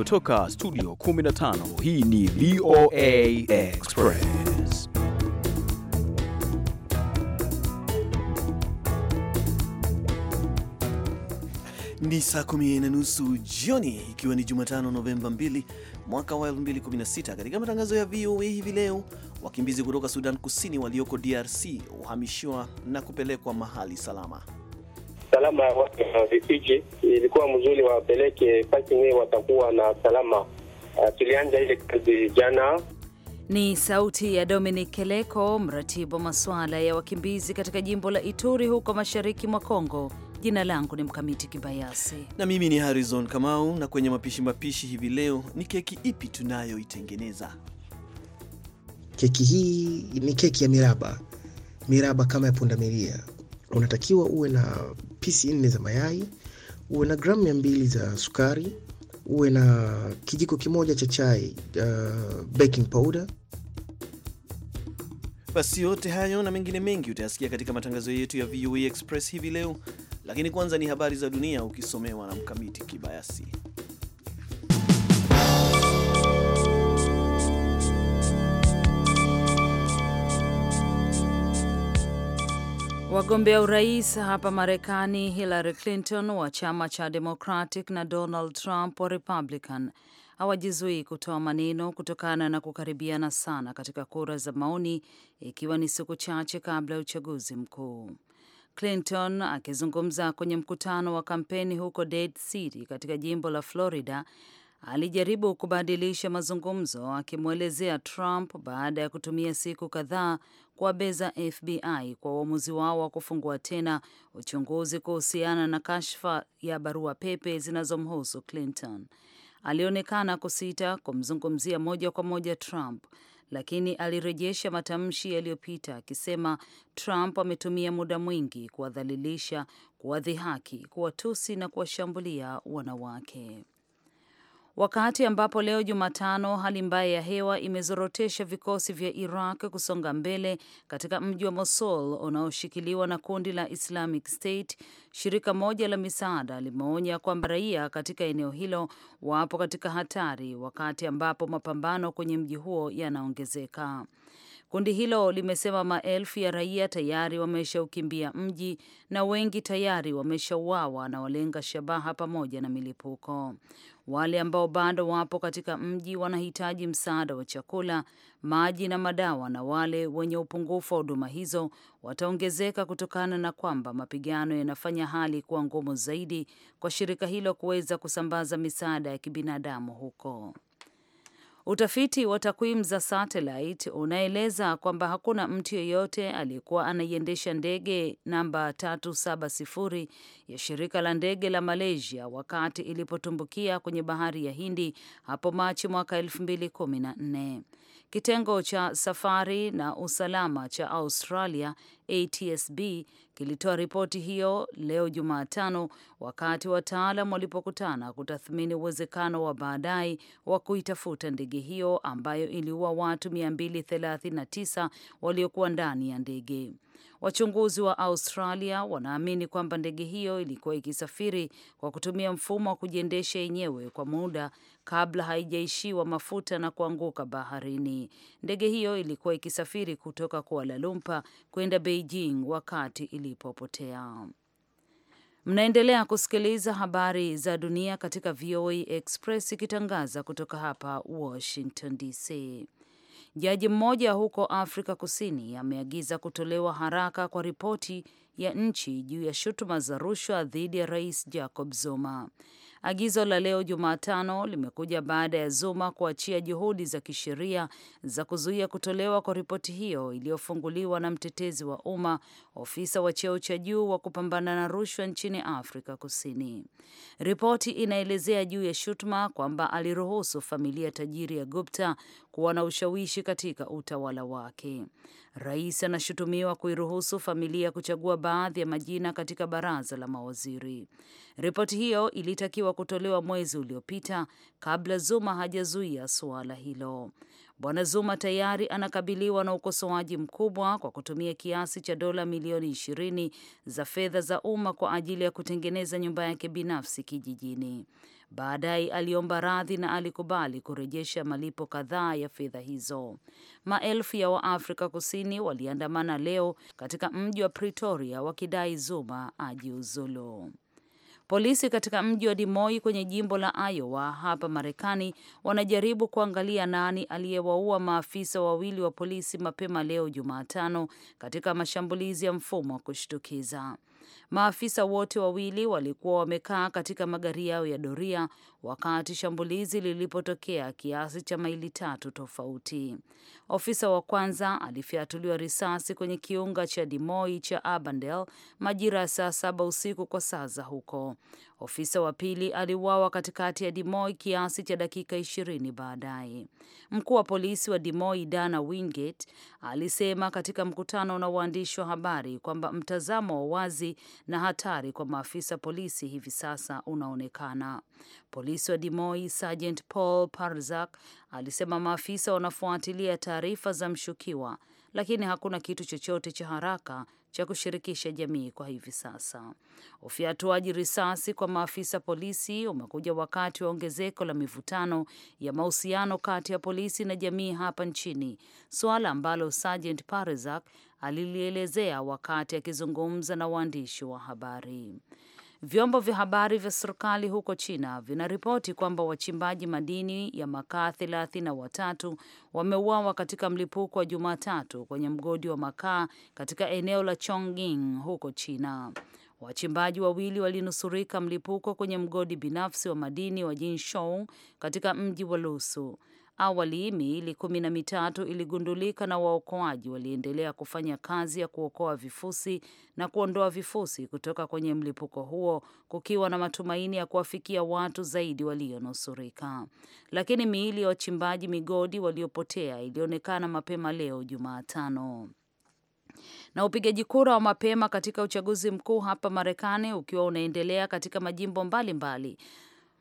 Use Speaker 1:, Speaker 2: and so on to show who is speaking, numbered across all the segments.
Speaker 1: Kutoka studio 15 hii ni VOA Express. Ni saa kumi na nusu jioni ikiwa ni Jumatano Novemba 2 mwaka wa 2016. Katika matangazo ya VOA hivi leo, wakimbizi kutoka Sudan Kusini walioko DRC uhamishiwa na kupelekwa mahali salama
Speaker 2: salama ya watu uh, na vijiji ilikuwa mzuri, wapeleke pasi watakuwa na salama. tulianja uh, tulianza ile kazi jana.
Speaker 3: Ni sauti ya Dominic Keleko, mratibu wa masuala ya wakimbizi katika jimbo la Ituri huko mashariki mwa Kongo. Jina langu ni Mkamiti Kibayasi
Speaker 1: na mimi ni Harrison Kamau. Na kwenye mapishi mapishi hivi leo, ni keki ipi tunayoitengeneza?
Speaker 4: Keki hii ni keki ya miraba, miraba kama ya pundamilia unatakiwa uwe na pisi nne za mayai, uwe na gramu mia mbili za sukari, uwe na kijiko kimoja cha chai uh, baking powder.
Speaker 1: Basi yote hayo na mengine mengi utayasikia katika matangazo yetu ya VOA e Express hivi leo, lakini kwanza ni habari za dunia ukisomewa na Mkamiti Kibayasi.
Speaker 3: Wagombea urais hapa Marekani, Hillary Clinton wa chama cha Democratic na Donald Trump wa Republican hawajizui kutoa maneno kutokana na kukaribiana sana katika kura za maoni, ikiwa ni siku chache kabla ya uchaguzi mkuu. Clinton akizungumza kwenye mkutano wa kampeni huko Dade City katika jimbo la Florida alijaribu kubadilisha mazungumzo, akimwelezea Trump baada ya kutumia siku kadhaa kuwabeza FBI kwa uamuzi wao wa kufungua tena uchunguzi kuhusiana na kashfa ya barua pepe zinazomhusu Clinton. Alionekana kusita kumzungumzia moja kwa moja Trump, lakini alirejesha matamshi yaliyopita akisema Trump ametumia muda mwingi kuwadhalilisha, kuwadhihaki, kuwatusi na kuwashambulia wanawake wakati ambapo leo Jumatano hali mbaya ya hewa imezorotesha vikosi vya Iraq kusonga mbele katika mji wa Mosul unaoshikiliwa na kundi la Islamic State. Shirika moja la misaada limeonya kwamba raia katika eneo hilo wapo katika hatari, wakati ambapo mapambano kwenye mji huo yanaongezeka. Kundi hilo limesema maelfu ya raia tayari wameshaukimbia mji na wengi tayari wameshauawa na walenga shabaha pamoja na milipuko. Wale ambao bado wapo katika mji wanahitaji msaada wa chakula, maji na madawa, na wale wenye upungufu wa huduma hizo wataongezeka kutokana na kwamba mapigano yanafanya hali kuwa ngumu zaidi kwa shirika hilo kuweza kusambaza misaada ya kibinadamu huko. Utafiti wa takwimu za satelit unaeleza kwamba hakuna mtu yeyote aliyekuwa anaiendesha ndege namba 370 ya shirika la ndege la Malaysia wakati ilipotumbukia kwenye bahari ya Hindi hapo Machi mwaka 214 Kitengo cha safari na usalama cha Australia ATSB kilitoa ripoti hiyo leo Jumatano wakati wataalam walipokutana kutathmini uwezekano wa baadaye wa kuitafuta ndege hiyo ambayo iliua watu 239 waliokuwa ndani ya ndege. Wachunguzi wa Australia wanaamini kwamba ndege hiyo ilikuwa ikisafiri kwa kutumia mfumo wa kujiendesha yenyewe kwa muda kabla haijaishiwa mafuta na kuanguka baharini. Ndege hiyo ilikuwa ikisafiri kutoka Kuala Lumpur kwenda Beijing wakati ilipopotea. Mnaendelea kusikiliza habari za dunia katika VOA Express ikitangaza kutoka hapa Washington DC. Jaji mmoja huko Afrika Kusini ameagiza kutolewa haraka kwa ripoti ya nchi juu ya shutuma za rushwa dhidi ya Rais Jacob Zuma. Agizo la leo Jumatano limekuja baada ya Zuma kuachia juhudi za kisheria za kuzuia kutolewa kwa ripoti hiyo iliyofunguliwa na mtetezi wa umma, ofisa wa cheo cha juu wa kupambana na rushwa nchini Afrika Kusini. Ripoti inaelezea juu ya shutuma kwamba aliruhusu familia tajiri ya Gupta kuwa na ushawishi katika utawala wake. Rais anashutumiwa kuiruhusu familia kuchagua baadhi ya majina katika baraza la mawaziri. Ripoti hiyo ilitakiwa kutolewa mwezi uliopita kabla Zuma hajazuia suala hilo. Bwana Zuma tayari anakabiliwa na ukosoaji mkubwa kwa kutumia kiasi cha dola milioni ishirini za fedha za umma kwa ajili ya kutengeneza nyumba yake binafsi kijijini. Baadaye aliomba radhi na alikubali kurejesha malipo kadhaa ya fedha hizo. Maelfu ya Waafrika Kusini waliandamana leo katika mji wa Pretoria wakidai Zuma ajiuzulu. Polisi katika mji wa Dimoi kwenye jimbo la Iowa hapa Marekani wanajaribu kuangalia nani aliyewaua maafisa wawili wa polisi mapema leo Jumatano katika mashambulizi ya mfumo wa kushtukiza. Maafisa wote wawili walikuwa wamekaa katika magari yao ya doria wakati shambulizi lilipotokea kiasi cha maili tatu tofauti. Ofisa wa kwanza alifyatuliwa risasi kwenye kiunga cha Dimoi cha Abandel majira ya saa saba usiku kwa saa za huko. Ofisa wa pili aliuawa katikati ya Dimoi kiasi cha dakika ishirini baadaye. Mkuu wa polisi wa Dimoi Dana Wingate alisema katika mkutano na waandishi wa habari kwamba mtazamo wa wazi na hatari kwa maafisa polisi hivi sasa unaonekana. Polisi wa Dimoi Sergeant Paul Parzak alisema maafisa wanafuatilia taarifa za mshukiwa, lakini hakuna kitu chochote cha haraka cha kushirikisha jamii kwa hivi sasa. Ufyatuaji risasi kwa maafisa polisi umekuja wakati wa ongezeko la mivutano ya mahusiano kati ya polisi na jamii hapa nchini, suala ambalo Sergeant Parzak alilielezea wakati akizungumza na waandishi wa habari. Vyombo vya habari vya serikali huko China vinaripoti kwamba wachimbaji madini ya makaa thelathini na watatu wameuawa katika mlipuko wa Jumatatu kwenye mgodi wa makaa katika eneo la Chongqing huko China. Wachimbaji wawili walinusurika mlipuko kwenye mgodi binafsi wa madini wa Jinshou katika mji wa Lusu. Awali miili kumi na mitatu iligundulika na waokoaji waliendelea kufanya kazi ya kuokoa vifusi na kuondoa vifusi kutoka kwenye mlipuko huo, kukiwa na matumaini ya kuwafikia watu zaidi walionusurika. Lakini miili ya wachimbaji migodi waliopotea ilionekana mapema leo Jumatano. Na upigaji kura wa mapema katika uchaguzi mkuu hapa Marekani ukiwa unaendelea katika majimbo mbalimbali mbali.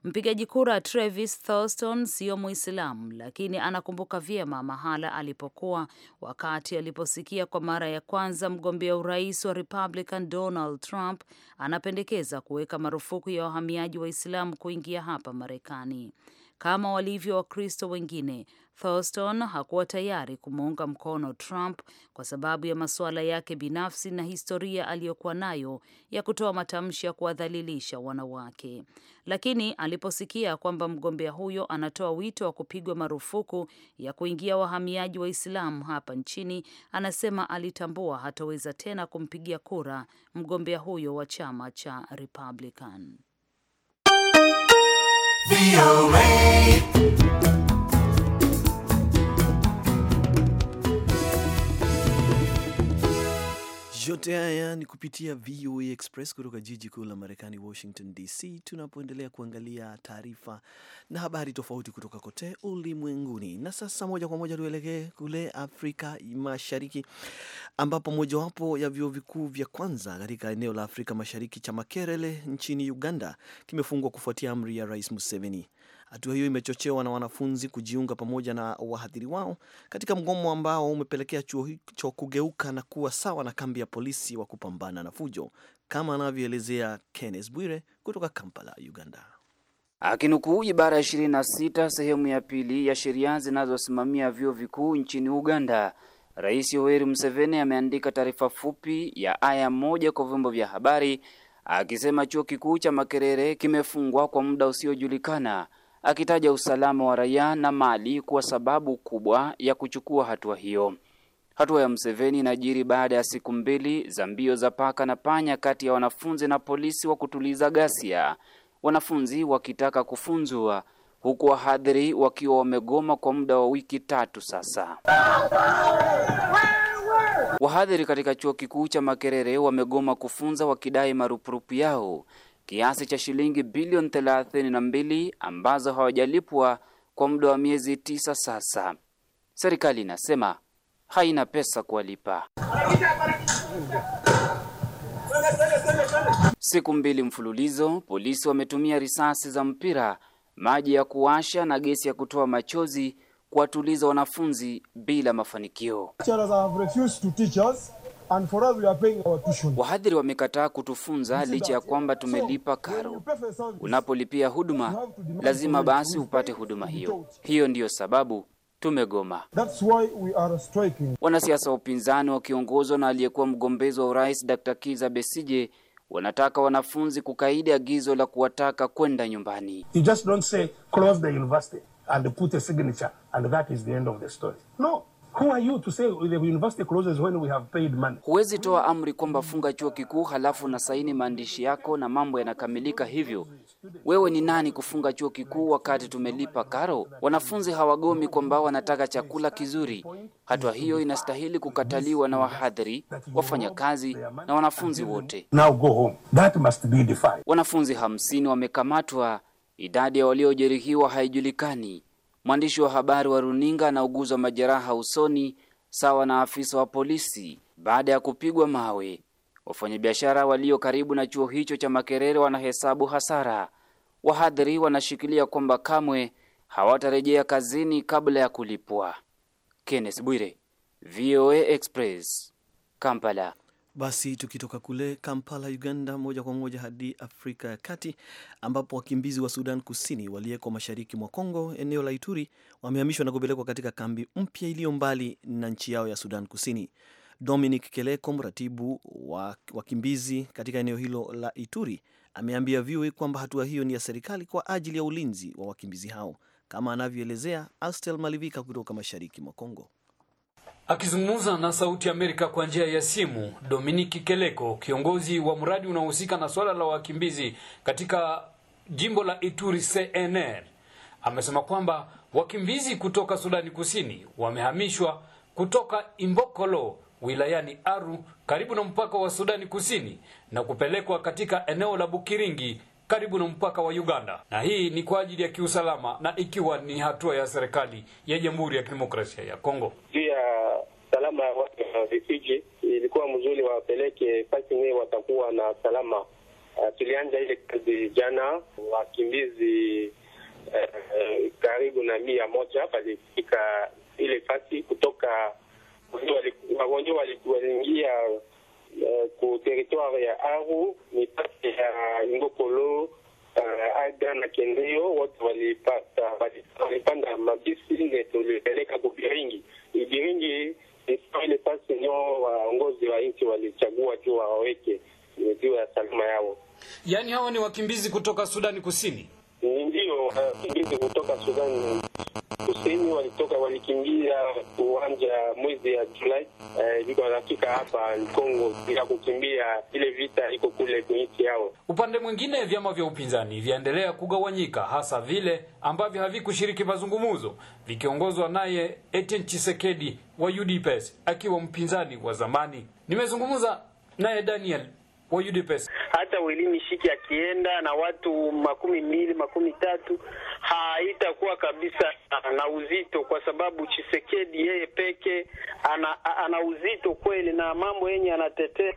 Speaker 3: Mpigaji kura Travis Thurston siyo Mwislamu, lakini anakumbuka vyema mahala alipokuwa wakati aliposikia kwa mara ya kwanza mgombea urais wa Republican Donald Trump anapendekeza kuweka marufuku ya wahamiaji Waislamu kuingia hapa Marekani kama walivyo Wakristo wengine. Thurston hakuwa tayari kumuunga mkono Trump kwa sababu ya masuala yake binafsi na historia aliyokuwa nayo ya kutoa matamshi ya kuwadhalilisha wanawake. Lakini aliposikia kwamba mgombea huyo anatoa wito wa kupigwa marufuku ya kuingia wahamiaji Waislamu hapa nchini, anasema alitambua hataweza tena kumpigia kura mgombea huyo wa chama cha Republican.
Speaker 5: VOA
Speaker 3: Yote
Speaker 1: haya ni kupitia VOA Express kutoka jiji kuu la Marekani, Washington DC, tunapoendelea kuangalia taarifa na habari tofauti kutoka kote ulimwenguni. Na sasa moja kwa moja tuelekee kule Afrika Mashariki, ambapo mojawapo ya vyuo vikuu vya kwanza katika eneo la Afrika Mashariki cha Makerele nchini Uganda kimefungwa kufuatia amri ya Rais Museveni. Hatua hiyo imechochewa na wanafunzi kujiunga pamoja na wahadhiri wao katika mgomo ambao umepelekea chuo hicho kugeuka na kuwa sawa na kambi ya polisi wa kupambana na fujo, kama anavyoelezea Kenneth Bwire kutoka Kampala, Uganda. Akinukuu ibara ya sita sehemu ya pili ya sheria zinazosimamia
Speaker 6: vyuo vikuu nchini Uganda, Rais Yoweri Museveni ameandika taarifa fupi ya aya moja kwa vyombo vya habari akisema chuo kikuu cha Makerere kimefungwa kwa muda usiojulikana akitaja usalama wa raia na mali kuwa sababu kubwa ya kuchukua hatua hiyo. Hatua ya Mseveni inajiri baada ya siku mbili za mbio za paka na panya kati ya wanafunzi na polisi wa kutuliza ghasia, wanafunzi wakitaka kufunzwa huku wahadhiri wakiwa wamegoma kwa muda wa wiki tatu sasa. Wahadhiri katika chuo kikuu cha Makerere wamegoma kufunza wakidai marupurupu yao kiasi cha shilingi bilioni 32 ambazo hawajalipwa kwa muda wa miezi tisa sasa. Serikali inasema haina pesa kuwalipa. Siku mbili mfululizo, polisi wametumia risasi za mpira, maji ya kuwasha na gesi ya kutoa machozi kuwatuliza wanafunzi bila mafanikio. Wahadhiri wamekataa kutufunza licha ya kwamba tumelipa karo. Unapolipia huduma lazima basi upate huduma hiyo. Hiyo ndiyo sababu tumegoma. Wanasiasa wa upinzani wakiongozwa na aliyekuwa mgombezi wa urais Dr. Kiza Besije wanataka wanafunzi kukaidi agizo la kuwataka kwenda nyumbani.
Speaker 2: You just don't say, close the university and put a signature and that is the end of the story. No.
Speaker 6: Huwezi toa amri kwamba funga chuo kikuu halafu na saini maandishi yako na mambo yanakamilika hivyo. Wewe ni nani kufunga chuo kikuu wakati tumelipa karo? Wanafunzi hawagomi kwamba wanataka chakula kizuri. Hatua hiyo inastahili kukataliwa na wahadhiri, wafanyakazi na wanafunzi wote. Wanafunzi hamsini wamekamatwa, idadi ya waliojeruhiwa haijulikani. Mwandishi wa habari wa runinga anauguzwa majeraha usoni sawa na afisa wa polisi baada ya kupigwa mawe. Wafanyabiashara walio karibu na chuo hicho cha Makerere wanahesabu hasara. Wahadhiri wanashikilia kwamba kamwe hawatarejea kazini kabla ya kulipwa. Kenneth Bwire, VOA Express, Kampala.
Speaker 1: Basi tukitoka kule Kampala, Uganda, moja kwa moja hadi Afrika ya Kati, ambapo wakimbizi wa Sudan Kusini waliyekwa mashariki mwa Kongo, eneo la Ituri, wamehamishwa na kupelekwa katika kambi mpya iliyo mbali na nchi yao ya Sudan Kusini. Dominic Keleko, mratibu wa wakimbizi katika eneo hilo la Ituri, ameambia VOA kwamba hatua hiyo ni ya serikali kwa ajili ya ulinzi wa wakimbizi hao, kama anavyoelezea Astel Malivika kutoka mashariki mwa Kongo.
Speaker 7: Akizungumza na Sauti Amerika kwa njia ya simu, Dominiki Keleko, kiongozi wa mradi unaohusika na suala la wakimbizi katika jimbo la Ituri CNR, amesema kwamba wakimbizi kutoka Sudani Kusini wamehamishwa kutoka Imbokolo wilayani Aru karibu na mpaka wa Sudani Kusini na kupelekwa katika eneo la Bukiringi karibu na mpaka wa Uganda, na hii ni kwa ajili ya kiusalama na ikiwa ni hatua ya serikali ya Jamhuri ya Kidemokrasia ya Kongo
Speaker 2: juu Fiji ilikuwa mzuri, wapeleke pasi watakuwa na salama. Uh, tulianza ile kazi jana, wakimbizi uh, karibu na mia moja walifika ile fasi kutoka wagonjwa walikuingia uh, eh, ku territoire ya Aru mipaka ya Ngokolo uh, Ada na Kendeo, wote walipanda mabisi ne tulipeleka kubiringi Ibiringi ilikuwa ile pasi ndio waongozi wa nchi walichagua tu waweke juu ya salama yao.
Speaker 7: Yaani hawa ni wakimbizi kutoka Sudani Kusini
Speaker 2: ni ndio wakimbizi uh, kutoka Sudani Kusini walitoka walikimbia uwanja mwezi ya Julai eh, ilikuwa uh, nafika hapa Kongo bila kukimbia ile vita iko kule nchi yao.
Speaker 7: Upande mwingine, vyama vya upinzani vyaendelea kugawanyika, hasa vile ambavyo havikushiriki mazungumzo vikiongozwa naye Etienne Tshisekedi wa UDPS akiwa mpinzani wa zamani. Nimezungumza
Speaker 2: naye Daniel wa UDPS. Hata Welimi Shiki akienda na watu makumi mbili makumi tatu haitakuwa kabisa na uzito, kwa sababu Chisekedi yeye peke ana, ana uzito kweli, na mambo yenye anatetea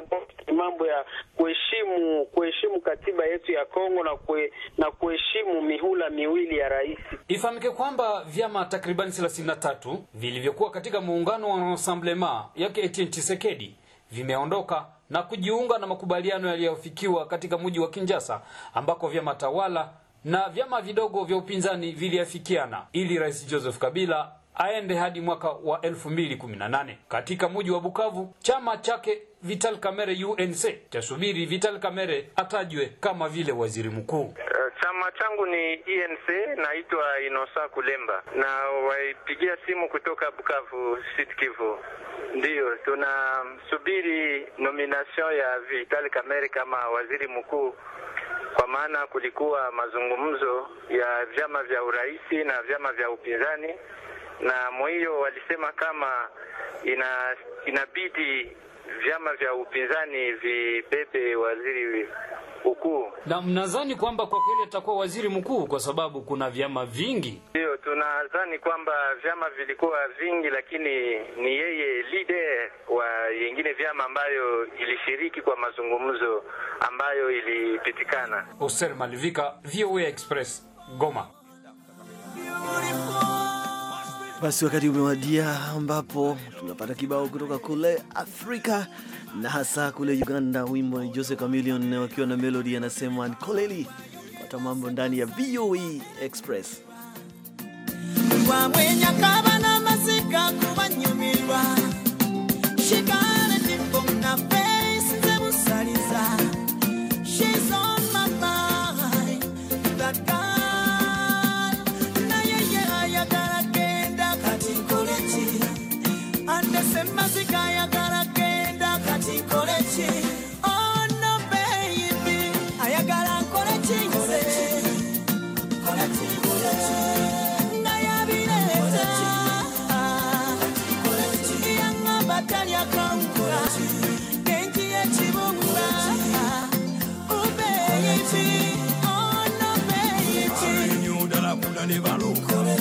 Speaker 2: mambo ya kuheshimu kuheshimu katiba yetu ya Kongo na kwe, na kuheshimu mihula miwili ya rais. Ifahamike kwamba
Speaker 7: vyama takribani 33 vilivyokuwa katika muungano wa Rassemblement yake Etienne Chisekedi vimeondoka na kujiunga na makubaliano yaliyofikiwa katika mji wa Kinshasa ambako vyama tawala na vyama vidogo vya upinzani viliafikiana ili Rais Joseph Kabila aende hadi mwaka wa 2018. Katika mji wa Bukavu, chama chake Vital Kamerhe UNC chasubiri Vital Kamerhe atajwe kama vile waziri mkuu.
Speaker 2: Eh, Chama changu ni ENC, naitwa Inosa Kulemba na waipigia simu kutoka Bukavu, Sud Kivu. Ndiyo tunasubiri nomination ya Vital Kamerhe kama waziri mkuu, kwa maana kulikuwa mazungumzo ya vyama vya uraisi na vyama vya upinzani, na mwiyo walisema kama ina inabidi vyama vya upinzani vibebe waziri mkuu. Na mnadhani kwamba kwa kweli atakuwa
Speaker 7: waziri mkuu kwa sababu kuna vyama vingi?
Speaker 2: Ndio, tunadhani kwamba vyama vilikuwa vingi, lakini ni yeye leader wa yengine vyama ambayo ilishiriki kwa mazungumzo ambayo ilipitikana.
Speaker 7: Oser Malivika, VOA Express, Goma.
Speaker 1: Basi wakati umewadia ambapo tunapata kibao kutoka kule Afrika na hasa kule Uganda. Wimbo ni Jose Chameleone wakiwa na melody anasema Nkoleli. Pata mambo ndani ya VOA e Express.
Speaker 5: wamwenyakaba kubanyumirwa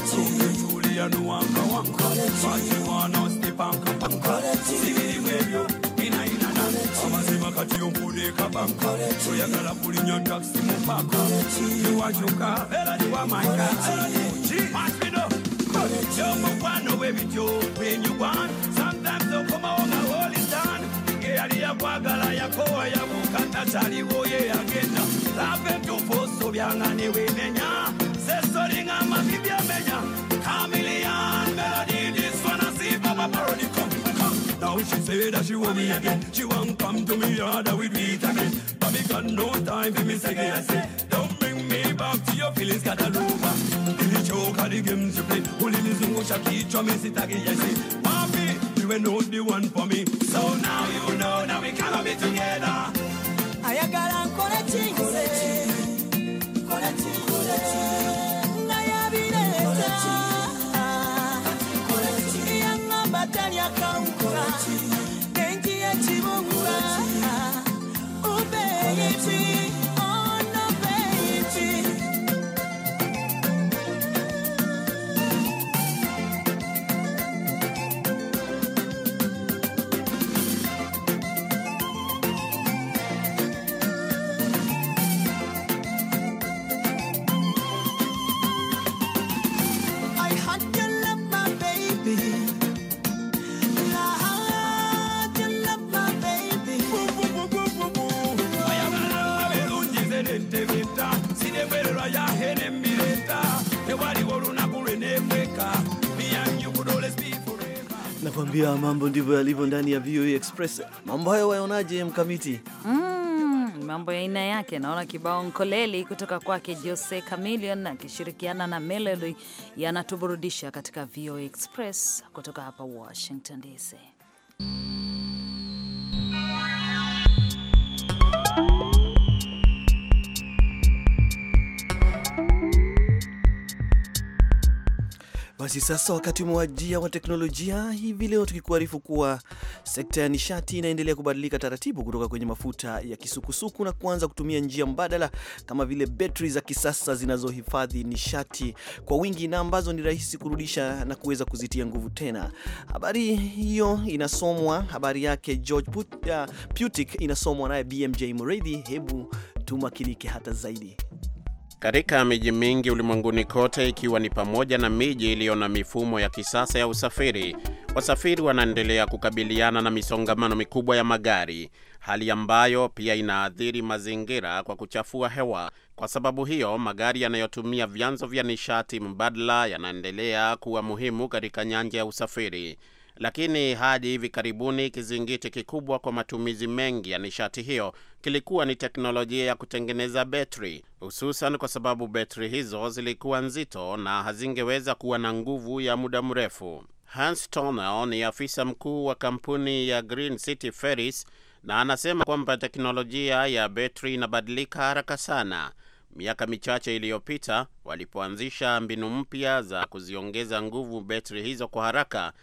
Speaker 5: quality. Truly, I know I'm going quality. But you want us to bank up quality. See me with you. Amazima kati yonkuleka banka Soyagala kulinya taxi mu paka Niwajuka, era niwa maika Maspido, yomukwano w'ebityo benyugwan Sometimes okomawo nga holistan Ngeyali yakwagala yakowa yabuukata taliwo ye yagenda Lava etuufu osubyanga ne wemenya Sesolinga amabi byamenya come, come. Now she say that she want me again. She want come to me harder with we again. But me got no time for me second. I say, don't bring me back to your feelings, got a lover. Did you choke at the games you play? Only listen to Shaki, Chummy, Sitagi, I say, Papi, you were not the one for me. So now you know now we cannot be together. I got on Korechi, to Korechi. yakauka
Speaker 1: mambo ndivyo yalivyo ndani ya VOA Express. Mambo hayo wayonaje, Mkamiti?
Speaker 3: Mm, mambo ya aina yake. Naona kibao nkoleli kutoka kwake Jose Chameleone akishirikiana na Melody yanatuburudisha katika VOA Express kutoka hapa Washington DC.
Speaker 1: Basi sasa wakati umewajia wa teknolojia hivi leo, tukikuarifu kuwa sekta ya nishati inaendelea kubadilika taratibu kutoka kwenye mafuta ya kisukusuku na kuanza kutumia njia mbadala kama vile betri za kisasa zinazohifadhi nishati kwa wingi na ambazo ni rahisi kurudisha na kuweza kuzitia nguvu tena. Habari hiyo inasomwa, habari yake George uh, Putik inasomwa naye BMJ mredhi Hebu tumakinike hata zaidi
Speaker 8: katika miji mingi ulimwenguni kote, ikiwa ni pamoja na miji iliyo na mifumo ya kisasa ya usafiri, wasafiri wanaendelea kukabiliana na misongamano mikubwa ya magari, hali ambayo pia inaathiri mazingira kwa kuchafua hewa. Kwa sababu hiyo, magari yanayotumia vyanzo vya nishati mbadala yanaendelea kuwa muhimu katika nyanja ya usafiri lakini hadi hivi karibuni kizingiti kikubwa kwa matumizi mengi ya nishati hiyo kilikuwa ni teknolojia ya kutengeneza betri, hususan kwa sababu betri hizo zilikuwa nzito na hazingeweza kuwa na nguvu ya muda mrefu. Hans Tonel ni afisa mkuu wa kampuni ya Green City Ferries na anasema kwamba teknolojia ya betri inabadilika haraka sana. Miaka michache iliyopita, walipoanzisha mbinu mpya za kuziongeza nguvu betri hizo kwa haraka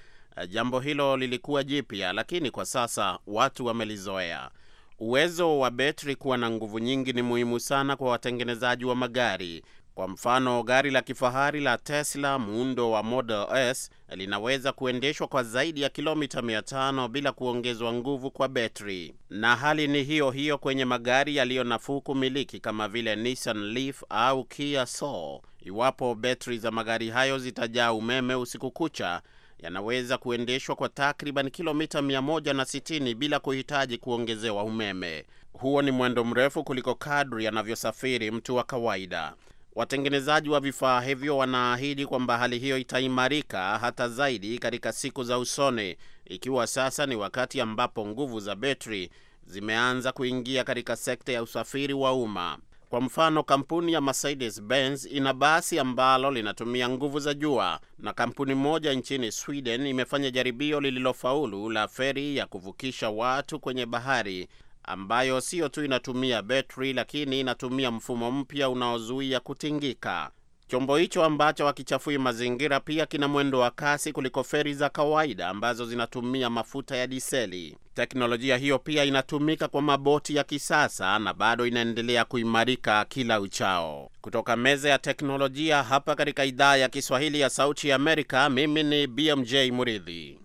Speaker 8: jambo hilo lilikuwa jipya, lakini kwa sasa watu wamelizoea. Uwezo wa betri kuwa na nguvu nyingi ni muhimu sana kwa watengenezaji wa magari. Kwa mfano, gari la kifahari la Tesla muundo wa Model S linaweza kuendeshwa kwa zaidi ya kilomita 500 bila kuongezwa nguvu kwa betri, na hali ni hiyo hiyo kwenye magari yaliyo nafuu kumiliki kama vile Nissan Leaf au Kia Soul, iwapo betri za magari hayo zitajaa umeme usiku kucha yanaweza kuendeshwa kwa takriban kilomita 160 bila kuhitaji kuongezewa umeme. Huo ni mwendo mrefu kuliko kadri anavyosafiri mtu wa kawaida. Watengenezaji wa vifaa hivyo wanaahidi kwamba hali hiyo itaimarika hata zaidi katika siku za usoni, ikiwa sasa ni wakati ambapo nguvu za betri zimeanza kuingia katika sekta ya usafiri wa umma. Kwa mfano, kampuni ya Mercedes Benz ina basi ambalo linatumia nguvu za jua, na kampuni moja nchini Sweden imefanya jaribio lililofaulu la feri ya kuvukisha watu kwenye bahari ambayo sio tu inatumia betri lakini inatumia mfumo mpya unaozuia kutingika. Chombo hicho ambacho hakichafui mazingira pia kina mwendo wa kasi kuliko feri za kawaida ambazo zinatumia mafuta ya diseli. Teknolojia hiyo pia inatumika kwa maboti ya kisasa na bado inaendelea kuimarika kila uchao. Kutoka meza ya teknolojia hapa katika idhaa ya Kiswahili ya Sauti ya Amerika, mimi ni BMJ Muridhi.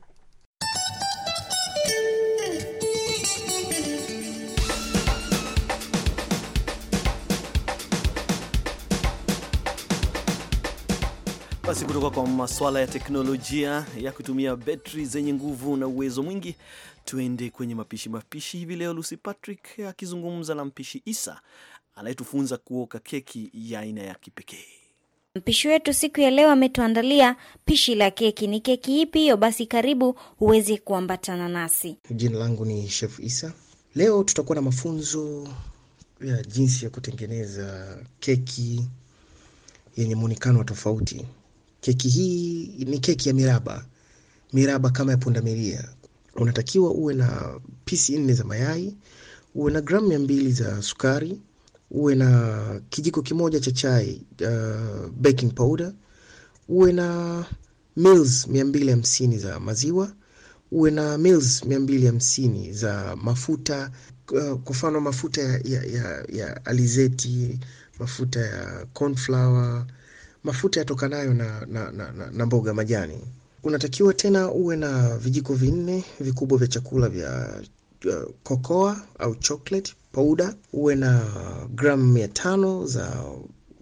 Speaker 1: Basi kutoka kwa masuala ya teknolojia ya kutumia betri zenye nguvu na uwezo mwingi Tuende kwenye mapishi. Mapishi hivi leo, Lucy Patrick akizungumza na mpishi Isa anayetufunza kuoka keki ya aina ya kipekee. Mpishi wetu siku ya leo ametuandalia pishi la keki. Ni keki ipi hiyo? Basi karibu huweze kuambatana nasi.
Speaker 4: Jina langu ni Chef Isa. Leo tutakuwa na mafunzo ya jinsi ya kutengeneza keki yenye mwonekano wa tofauti. Keki hii ni keki ya miraba, miraba kama ya pundamilia unatakiwa uwe na pisi nne za mayai, uwe na gramu mia mbili za sukari, uwe na kijiko kimoja cha chai uh, baking powder, uwe na mils mia mbili hamsini za maziwa, uwe na mils mia mbili hamsini za mafuta uh, kwa mfano mafuta ya, ya, ya alizeti, mafuta ya cornflower, mafuta yatokanayo na, na, na, na, na mboga majani. Unatakiwa tena uwe na vijiko vinne vikubwa vya chakula vya uh, kokoa au chocolate powder, uwe na gramu mia tano za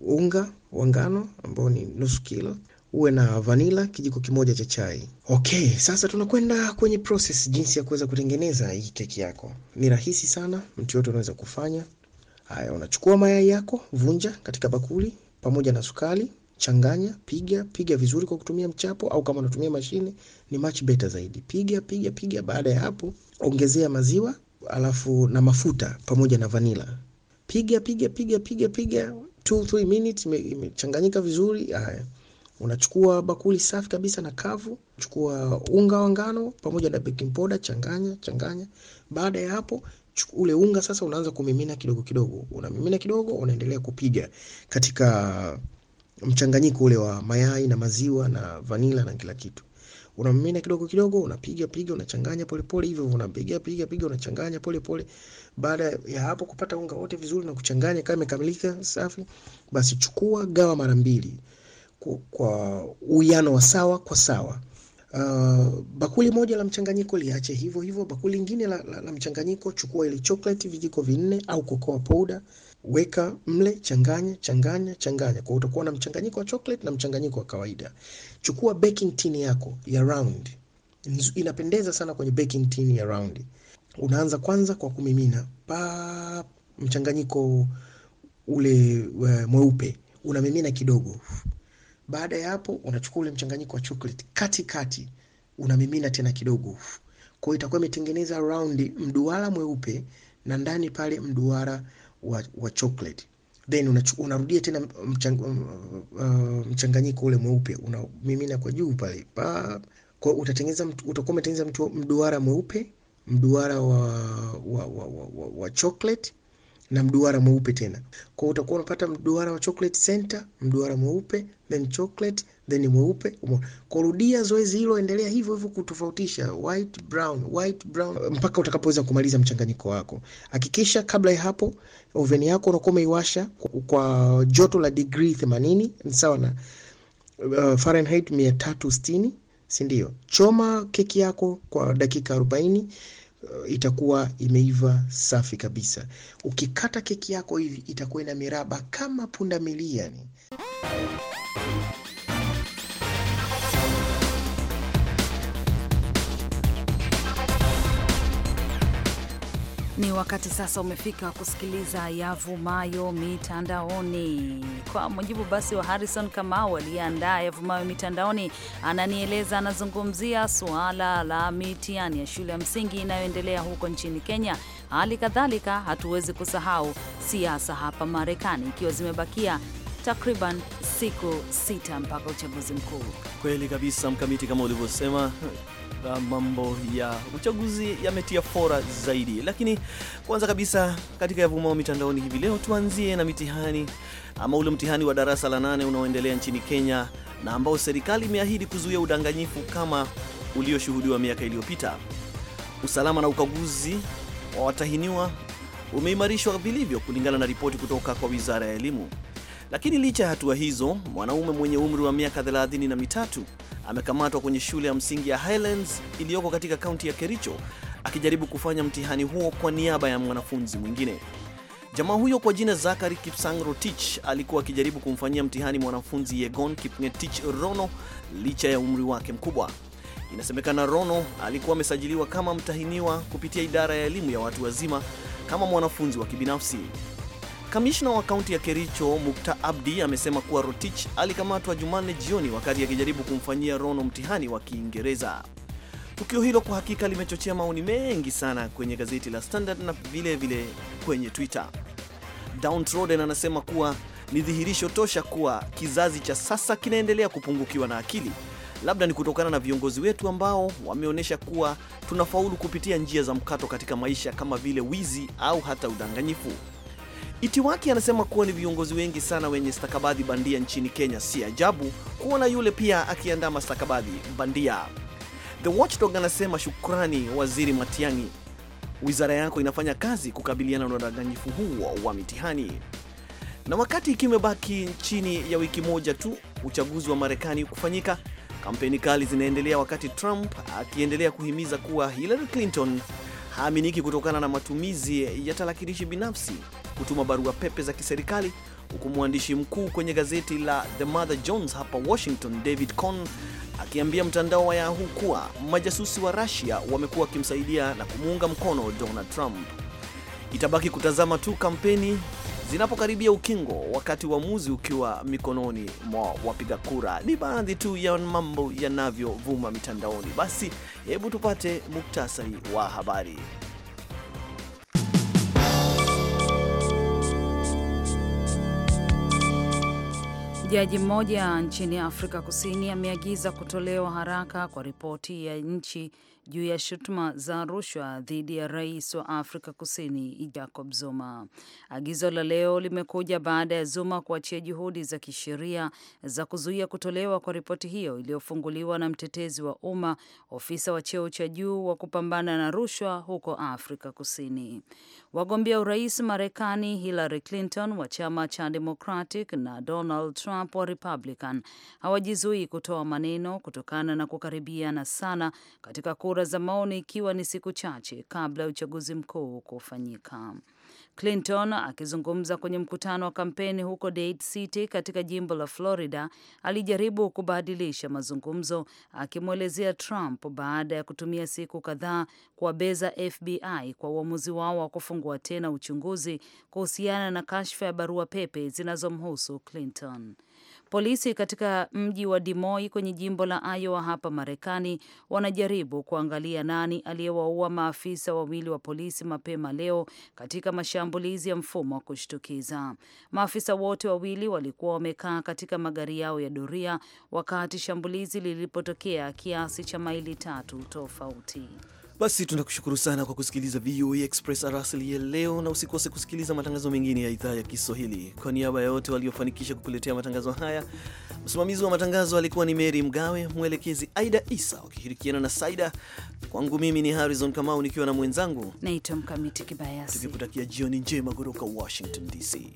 Speaker 4: unga wa ngano ambao ni nusu kilo, uwe na vanila kijiko kimoja cha chai. Okay, sasa tunakwenda kwenye process jinsi ya kuweza kutengeneza hii keki yako. Ni rahisi sana, mtu yote unaweza kufanya. Haya, unachukua mayai yako, vunja katika bakuli pamoja na sukari changanya, piga, piga vizuri kwa kutumia mchapo au kama unatumia mashine ni much better zaidi. Piga, piga, piga. Baada ya hapo ongezea maziwa alafu na mafuta pamoja na vanila. Piga, piga, piga, piga, piga 2 3 minutes imechanganyika vizuri. Haya. Unachukua bakuli safi kabisa na kavu, chukua unga wa ngano pamoja na baking powder, changanya changanya. Baada ya hapo ule unga sasa unaanza kumimina kidogo kidogo, unamimina kidogo, unaendelea kupiga katika mchanganyiko ule wa mayai na maziwa na vanila na kila kitu. Unamimina kidogo kidogo, unapiga piga, unachanganya pole pole hivyo, unapiga piga piga, unachanganya pole pole. Baada ya hapo kupata unga wote vizuri na kuchanganya kama imekamilika safi, basi chukua gawa mara mbili kwa uwiano wa sawa kwa sawa. Uh, bakuli moja la mchanganyiko liache hivyo hivyo. Bakuli lingine la, la, la mchanganyiko chukua ile chocolate vijiko vinne au cocoa powder, weka mle, changanya changanya changanya, kwa utakuwa na mchanganyiko wa chocolate na mchanganyiko wa kawaida. Chukua baking tin yako ya round, inapendeza sana kwenye baking tin ya round. Unaanza kwanza kwa kumimina pa mchanganyiko ule uh, mweupe, unamimina kidogo baada ya hapo, unachukua ule mchanganyiko wa chocolate katikati, unamimina tena kidogo. Kwa hiyo itakuwa imetengeneza round mduara mweupe na ndani pale mduara wa, wa chocolate then unarudia tena mchang, uh, uh, mchanganyiko ule mweupe unamimina kwa juu pale pa, kwa utatengeneza, utakuwa umetengeneza mduara mweupe mduara wa, wa, wa, wa, wa, wa chocolate na mduara mweupe tena. Kwa hiyo utakuwa unapata mduara wa chocolate center, mduara mweupe, then chocolate, then mweupe. Kurudia zoezi hilo, endelea hivyo hivyo kutofautisha white brown, white brown mpaka utakapoweza kumaliza mchanganyiko wako. Hakikisha kabla ya hapo oven yako unakuwa umeiwasha kwa joto la degree 80 ni sawa na uh, Fahrenheit 360, si ndio? Choma keki yako kwa dakika 40. Eh, itakuwa imeiva safi kabisa. Ukikata keki yako hivi itakuwa ina miraba kama punda milia ni
Speaker 3: Ni wakati sasa umefika kusikiliza yavumayo mitandaoni. Kwa mujibu basi wa Harrison Kamau aliyeandaa yavumayo mitandaoni, ananieleza anazungumzia suala la mitihani ya shule ya msingi inayoendelea huko nchini Kenya. Hali kadhalika hatuwezi kusahau siasa hapa Marekani, ikiwa zimebakia takriban siku sita mpaka uchaguzi mkuu.
Speaker 1: Kweli kabisa, Mkamiti, kama ulivyosema mambo ya uchaguzi yametia fora zaidi. Lakini kwanza kabisa katika yavumao mitandaoni hivi leo, tuanzie na mitihani ama ule mtihani wa darasa la nane unaoendelea nchini Kenya na ambao serikali imeahidi kuzuia udanganyifu kama ulioshuhudiwa miaka iliyopita. Usalama na ukaguzi wa watahiniwa umeimarishwa vilivyo kulingana na ripoti kutoka kwa Wizara ya Elimu. Lakini licha ya hatua hizo, mwanaume mwenye umri wa miaka thelathini na mitatu amekamatwa kwenye shule ya msingi ya Highlands iliyoko katika kaunti ya Kericho akijaribu kufanya mtihani huo kwa niaba ya mwanafunzi mwingine. Jamaa huyo kwa jina Zakari Kipsang Rotich alikuwa akijaribu kumfanyia mtihani mwanafunzi Yegon Kipngetich Rono licha ya umri wake mkubwa. Inasemekana Rono alikuwa amesajiliwa kama mtahiniwa kupitia idara ya elimu ya watu wazima kama mwanafunzi wa kibinafsi. Kamishna wa kaunti ya Kericho Mukta Abdi amesema kuwa Rotich alikamatwa Jumanne jioni wakati akijaribu kumfanyia Rono mtihani wa Kiingereza. Tukio hilo kwa hakika limechochea maoni mengi sana kwenye gazeti la Standard na vile vile kwenye Twitter. Downtroden anasema kuwa ni dhihirisho tosha kuwa kizazi cha sasa kinaendelea kupungukiwa na akili. Labda ni kutokana na viongozi wetu ambao wameonyesha kuwa tunafaulu kupitia njia za mkato katika maisha kama vile wizi au hata udanganyifu. Itiwaki anasema kuwa ni viongozi wengi sana wenye stakabadhi bandia nchini Kenya. Si ajabu kuona yule pia akiandama mastakabadhi bandia. The Watchdog anasema shukrani, Waziri Matiang'i, wizara yako inafanya kazi kukabiliana na udanganyifu huo wa mitihani. Na wakati kimebaki chini ya wiki moja tu uchaguzi wa Marekani kufanyika, kampeni kali zinaendelea, wakati Trump akiendelea kuhimiza kuwa Hillary Clinton haaminiki kutokana na matumizi ya tarakilishi binafsi kutuma barua pepe za kiserikali, huku mwandishi mkuu kwenye gazeti la The Mother Jones hapa Washington, David Cohn akiambia mtandao wa Yahoo kuwa majasusi wa Russia wamekuwa wakimsaidia na kumuunga mkono Donald Trump. Itabaki kutazama tu kampeni zinapokaribia ukingo, wakati uamuzi ukiwa mikononi mwa wapiga kura. Ni baadhi tu ya mambo yanavyovuma mitandaoni. Basi hebu tupate muktasari wa habari.
Speaker 3: Jaji mmoja nchini Afrika Kusini ameagiza kutolewa haraka kwa ripoti ya nchi juu ya shutuma za rushwa dhidi ya rais wa Afrika Kusini Jacob Zuma. Agizo la leo limekuja baada ya Zuma kuachia juhudi za kisheria za kuzuia kutolewa kwa ripoti hiyo iliyofunguliwa na mtetezi wa umma, ofisa wa cheo cha juu wa kupambana na rushwa huko Afrika Kusini. Wagombea urais Marekani Hillary Clinton wa chama cha Democratic na Donald Trump wa Republican hawajizui kutoa maneno kutokana na kukaribiana sana katika kura za maoni, ikiwa ni siku chache kabla ya uchaguzi mkuu kufanyika. Clinton akizungumza kwenye mkutano wa kampeni huko Dade City katika jimbo la Florida alijaribu kubadilisha mazungumzo akimwelezea Trump baada ya kutumia siku kadhaa kuwabeza FBI kwa uamuzi wao wa kufungua tena uchunguzi kuhusiana na kashfa ya barua pepe zinazomhusu Clinton. Polisi katika mji wa dimoi kwenye jimbo la Iowa hapa Marekani wanajaribu kuangalia nani aliyewaua maafisa wawili wa polisi mapema leo katika mashambulizi ya mfumo wa kushtukiza. Maafisa wote wawili walikuwa wamekaa katika magari yao ya doria wakati shambulizi lilipotokea kiasi cha maili tatu tofauti.
Speaker 1: Basi tunakushukuru sana kwa kusikiliza VOA e Express arasili ya leo, na usikose kusikiliza matangazo mengine ya idhaa ya Kiswahili. Kwa niaba ya wote waliofanikisha kukuletea matangazo haya, msimamizi wa matangazo alikuwa ni Mary Mgawe, mwelekezi Aida Isa wakishirikiana na Saida. Kwangu mimi ni Harrison Kamau nikiwa na mwenzangu
Speaker 3: naitwa Mkamiti Kibayasi,
Speaker 1: tukikutakia jioni njema kutoka Washington DC.